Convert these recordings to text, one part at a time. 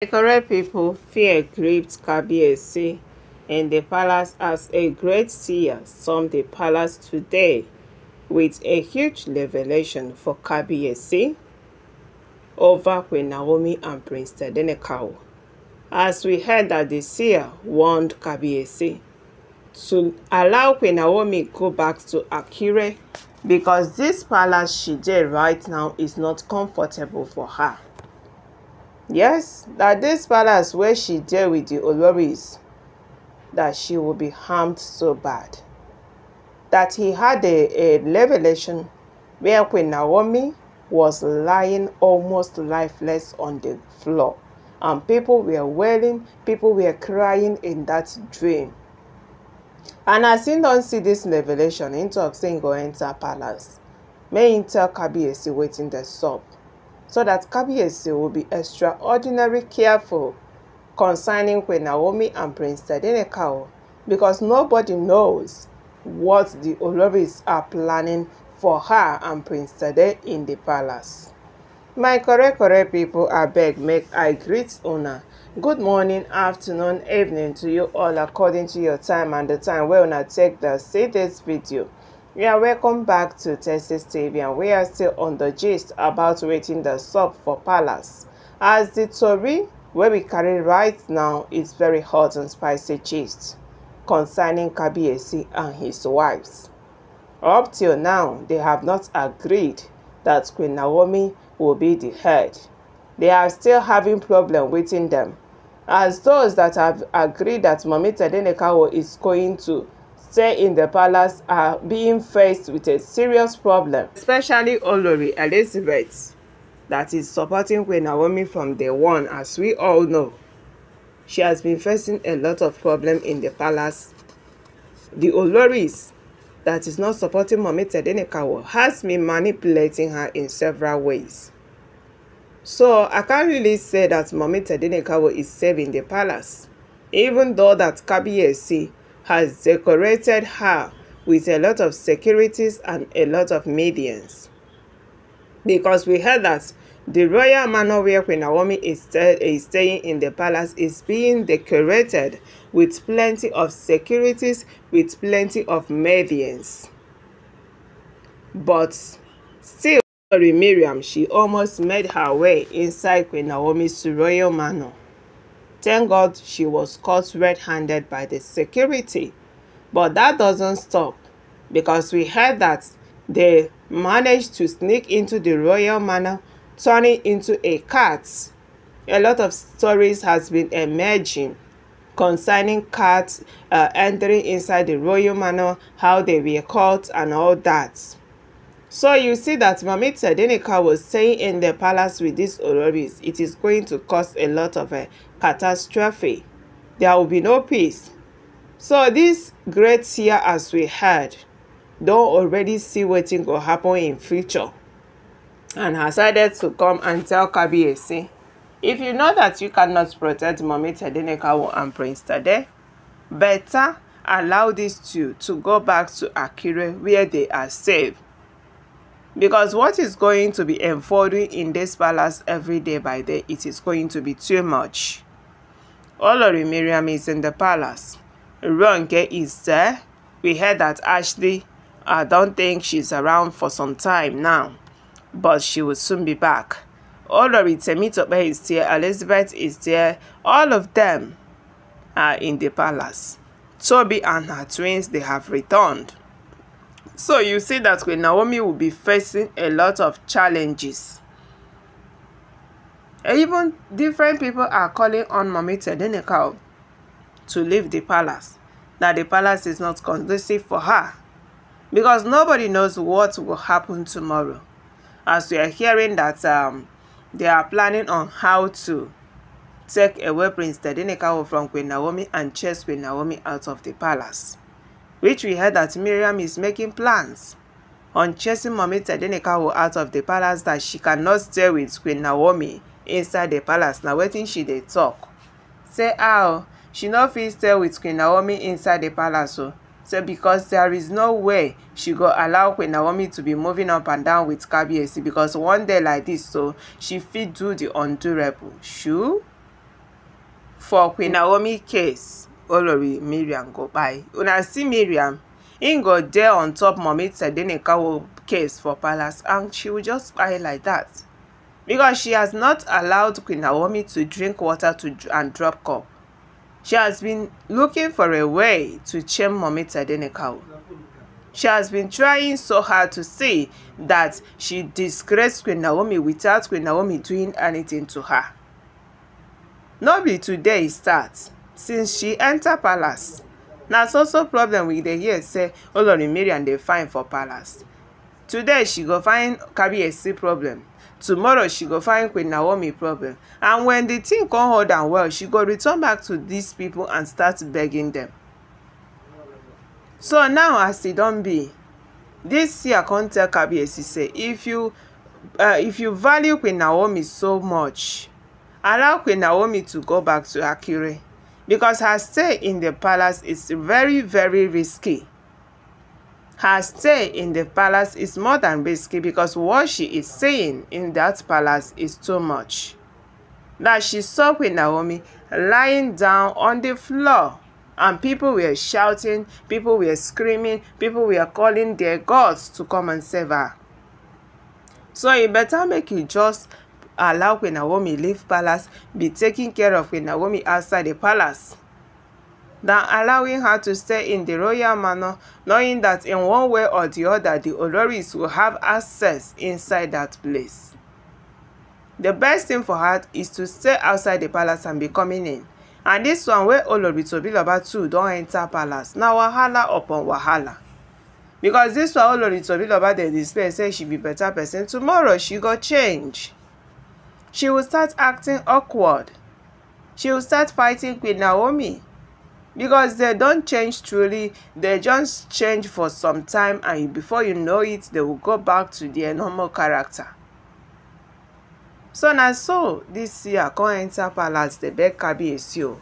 Decorate people fear gripped Kabiyesi in the palace as a great seer stormed the palace today with a huge revelation for Kabiyesi over Queen Naomi and Prince Tadenikawo. As we heard that the seer warned Kabiyesi to allow Queen Naomi go back to Akure because this palace she dey right now is not comfortable for her. Yes, that this palace where she dealt with the Oloris, that she will be harmed so bad. That he had a, a revelation where Queen Naomi was lying almost lifeless on the floor. And people were wailing, people were crying in that dream. And as he don't see this revelation, he talks saying go enter palace. May he tell Kabi is waiting the sub. so that Kabiyesi will be extraordinarily careful concerning Queen Naomi and Prince Tadenekao because nobody knows what the Oloris are planning for her and Prince Tade in the palace. My correct correct people abeg make I greet una. Good morning, afternoon, evening to you all according to your time and the time wey una take dey see this video. We are welcome back to Texas TV and we are still on the gist about waiting the sub for Palace. As the story where we carry right now is very hot and spicy gist concerning Kabiesi and his wives. Up till now, they have not agreed that Queen Naomi will be the head. They are still having problem within them. As those that have agreed that Mami Tedenekawo is going to stay in the palace are being faced with a serious problem. Especially Olori Elizabeth that is supporting Queen Naomi from day one as we all know. She has been facing a lot of problem in the palace. The Oloris that is not supporting Mami Tedenekawo has been manipulating her in several ways. So I can't really say that Mami Tedenekawo is saving the palace. Even though that Kabiyesi has decorated her with a lot of securities and a lot of medians. Because we heard that the royal manor where Queen Naomi is, is staying in the palace is being decorated with plenty of securities, with plenty of medians. But still, Miriam, she almost made her way inside Queen Naomi's royal manor. Thank God she was caught red handed by the security. But that doesn't stop because we heard that they managed to sneak into the royal manor, turning into a cat. A lot of stories has been emerging concerning cats uh, entering inside the royal manor, how they were caught and all that. So you see that Mami Tedenika was staying in the palace with these Oloris. It is going to cause a lot of a eh, catastrophe. There will be no peace. So this great year as we had, don't already see what will happen in future and decided to come and tell Kabiyesi, if you know that you cannot protect Mami Tedenekawo and Prince Tade, better allow these two to go back to Akure where they are safe because what is going to be unfolding in this palace every day by day it is going to be too much Olori Miriam is in the palace Ronke is there we heard that Ashley I don't think she's around for some time now but she will soon be back Olori Temitope is there Elizabeth is there all of them are in the palace Toby and her twins they have returned so you see that Queen Naomi will be facing a lot of challenges. Even different people are calling on Mommy Tedenekau to leave the palace. That the palace is not conducive for her. Because nobody knows what will happen tomorrow. As we are hearing that um, they are planning on how to take away Prince Tedenekau from Queen Naomi and chase Queen Naomi out of the palace. which we heard that Miriam is making plans on chasing Mommy Tadenikawo out of the palace that she cannot stay with Queen Naomi inside the palace. Now wetin she dey talk. Say how ah, oh, she no fit stay with Queen Naomi inside the palace o. Oh. Say because there is no way she go allow Queen Naomi to be moving up and down with Kabiyesi because one day like this so she fit do the undoable. Shoo? For Queen Naomi case, olori Miriam go kpai una see Miriam, im go dey on top mommy sedenikawo case for palace and she will just kpai like dat because she has not allowed queen naomi to drink water to and drop cup she has been looking for a way to shame mommy sedenikawo she has been trying so hard to say that she disgraced Queen Naomi without Queen Naomi doing anything to her. No be today it starts since she enter palace na so so problem we dey hear say olori mariam dey find for palace today she go find kabiyesi problem tomorrow she go find queen naomi problem and when the thing come hold am well she go return back to these people and start begging them so now as e don be this year come tell kabiyesi say if you uh, if you value queen naomi so much allow queen naomi to go back to akure because her stay in the palace is very, very risky. Her stay in the palace is more than risky because what she is saying in that palace is too much. That she saw Queen Naomi lying down on the floor and people were shouting, people were screaming, people were calling their gods to come and save her. So you better make you just allow Queen Naomi leave palace, be taking care of Queen Naomi outside the palace than allowing her to stay in the royal manor, knowing that in one way or the other the Oloris will have access inside that place. The best thing for her is to stay outside the palace and be coming in. And this one where Olori Tobiloba too don enter palace, na wahala upon wahala. Because this one Olori Tobiloba dey display say she be better person, tomorrow she go change. She will start acting awkward. She will start fighting with Naomi because they don't change truly they just change for some time and before you know it they will go back to their normal character so now, so this year come enter palace dey beg kabiyesi o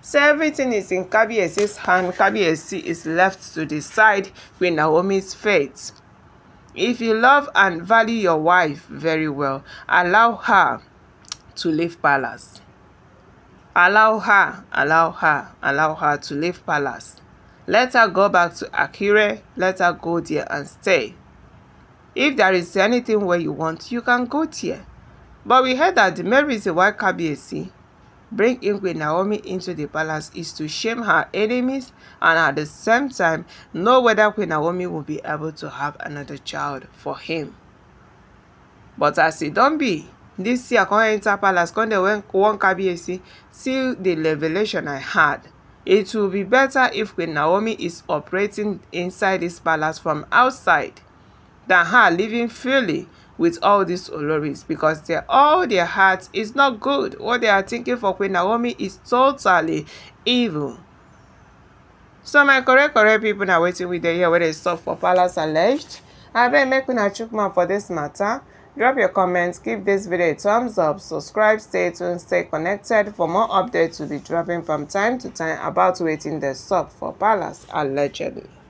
So everything is in kabiyesi's hand kabiyesi is left to decide with naomi's fate If you love and value your wife very well, allow her to leave palace. Allow her, allow her, allow her to leave palace. Let her go back to Akire, let her go there and stay. If there is anything where you want, you can go there. But we heard that the main reason why Kabiyesi bring Queen Naomi into the palace is to shame her enemies and at the same time know whether Queen Naomi will be able to have another child for him. But as it don't be, this year I come enter palace, come dey warn Kabiyesi, see the revelation I had. It will be better if Queen Naomi is operating inside this palace from outside than her living freely with all these Oloris because their all their hearts is not good. What they are thinking for Queen Naomi is totally evil. So my correct correct people are waiting with their hear where they stop for palace alleged. Abeg make una chook mouth for this matter. Drop your comments, give this video a thumbs up, subscribe, stay tuned, stay connected for more updates to be dropping from time to time about waiting the stop for palace allegedly.